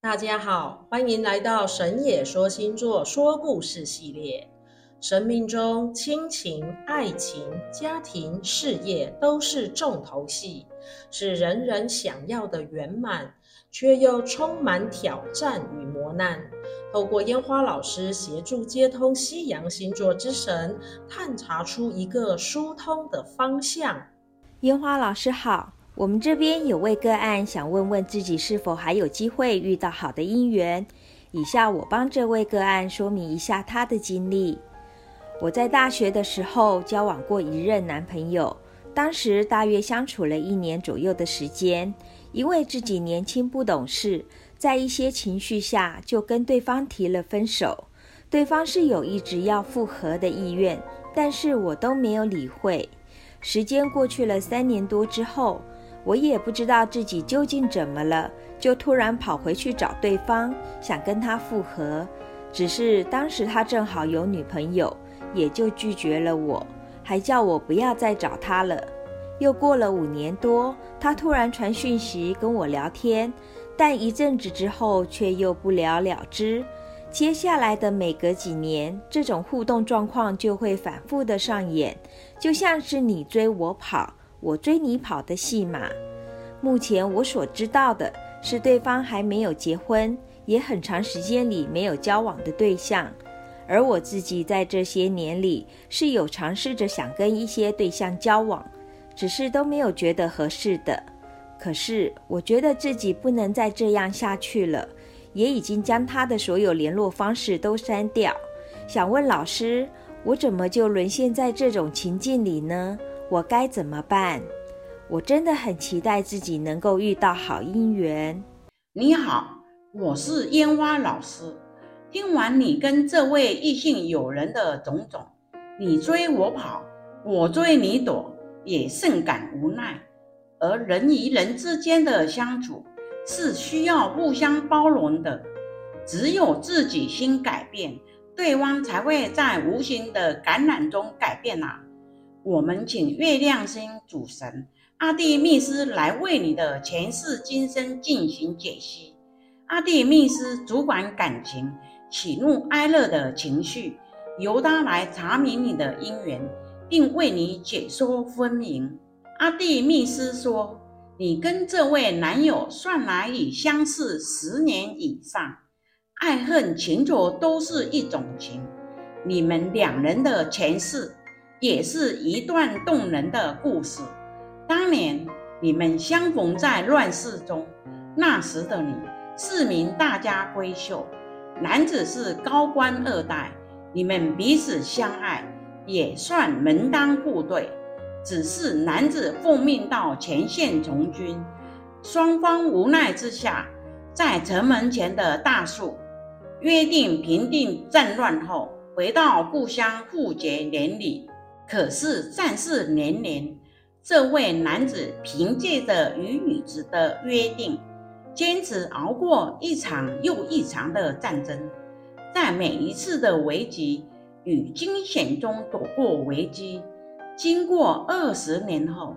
大家好，歡迎來到神野說星座說故事系列。生命中親情、愛情、家庭、事業都是重頭戲，是人人想要的圓滿，卻又充滿挑戰與磨難。透過煙花老師協助接通西洋星座之神，探查出一個疏通的方向。煙花老師好。我們這邊有位個案，想問問自己是否還有機會遇到好的姻緣。以下我幫這位個案說明一下他的經歷。我在大學的時候交往過一任男朋友，當時大約相處了一年左右的時間。因為自己年輕不懂事，在一些情緒下就跟對方提了分手。對方是有一直要復合的意願，但是我都沒有理會。時間過去了三年多之後。我也不知道自己究竟怎麼了，就突然跑回去找對方，想跟他復合。只是當時他正好有女朋友，也就拒絕了我，還叫我不要再找他了。又過了五年多，他突然傳訊息跟我聊天，但一陣子之後卻又不了了之。接下來的每隔幾年，這種互動狀況就會反覆的上演，就像是你追我跑。我追你跑的戲碼，目前我所知道的是，對方還沒有結婚，也很長時間裡沒有交往的對象。而我自己在這些年裡是有嘗試着想跟一些對象交往，只是都沒有覺得合適的。可是我覺得自己不能再這樣下去了，也已經將他的所有聯絡方式都刪掉。想問老師，我怎麼就淪陷在這種情境裡呢？我該怎麼辦？我真的很期待自己能夠遇到好姻緣。你好，我是煙花老師。聽完你跟這位異性友人的種種，你追我跑，我追你躲，也甚感無奈。而人與人之間的相處是需要互相包容的，只有自己先改變，對方才會在無形的感染中改變啊。我們請月亮星主神阿蒂密斯來為你的前世今生進行解析。阿蒂密斯主管感情、喜怒哀樂的情緒，由他來查明你的姻緣，並為你解說分明。阿蒂密斯說：“你跟這位男友算來已相識十年以上，愛恨情仇都是一種情，你們兩人的前世。”也是一段動人的故事。當年你們相逢在亂世中，那時的你是名大家閨秀，男子是高官二代，你們彼此相愛，也算門當戶對。只是男子奉命到前線從軍，雙方無奈之下，在城門前的大樹約定：平定戰亂後，回到故鄉互結連理。可是，戰事連連。這位男子憑借着與女子的約定，堅持熬過一場又一場的戰爭，在每一次的危機與驚險中躲過危機。經過二十年後，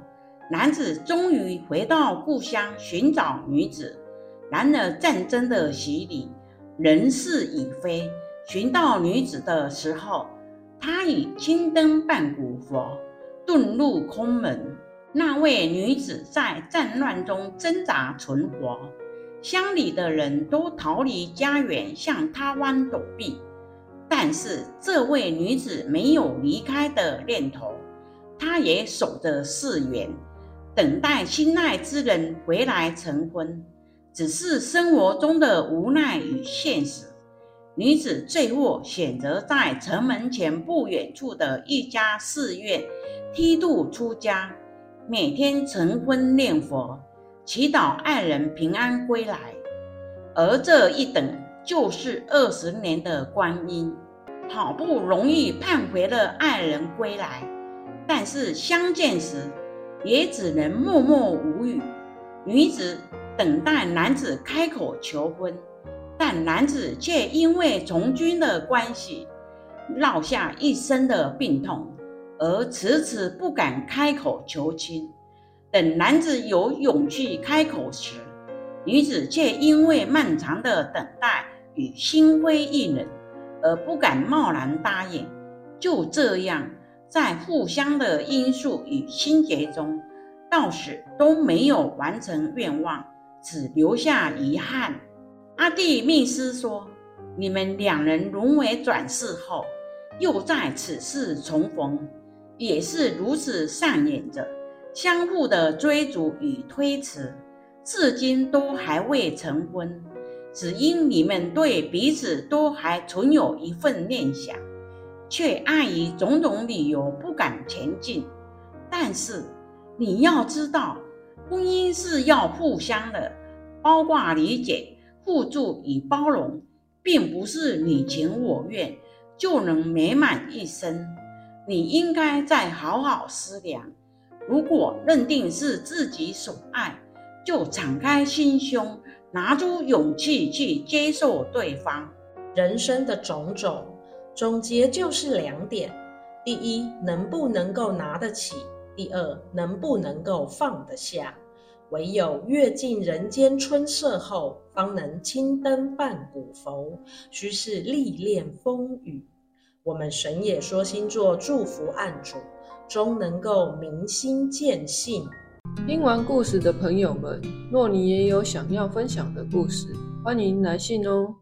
男子終於回到故鄉尋找女子。然而，戰爭的洗禮，人事已非。尋到女子的時候，他以青燈伴古佛，遁入空門。那位女子在戰亂中掙扎存活，鄉里的人都逃離家園，向他灣躲避。但是這位女子沒有離開的念頭，她也守着誓言，等待心愛之人回來成婚。只是生活中的無奈與現實。女子最後選擇在城門前不遠處的一家寺院剃度出家，每天晨昏念佛，祈禱愛人平安歸來。而這一等就是二十年的光陰，好不容易盼回了愛人歸來，但是相見時也只能默默無語。女子等待男子開口求婚。但男子卻因為從軍的關係，落下一身的病痛，而遲遲不敢開口求親。等男子有勇氣開口時，女子卻因為漫長的等待與心灰意冷，而不敢貿然答應。就這樣，在互相的因素與心結中，到死都沒有完成願望，只留下遺憾。阿蒂密斯說：“你們兩人輪回轉世後，又在此世重逢，也是如此上演着相互的追逐與推辭，至今都還未成婚，只因你們對彼此都還存有一份念想，卻礙於種種理由不敢前進。但是你要知道，婚姻是要互相的，包括理解。”互助與包容，並不是你情我願就能美滿一生。你應該再好好思量。如果認定是自己所愛，就敞開心胸，拿出勇氣去接受對方。人生的種種總結就是兩點：第一，能不能夠拿得起；第二，能不能夠放得下。唯有閱盡人間春色後，方能青燈伴古佛，須是歷練風雨。我們神野說星座祝福案主，終能夠明心見性。聽完故事的朋友們，若你也有想要分享的故事，歡迎來信哦。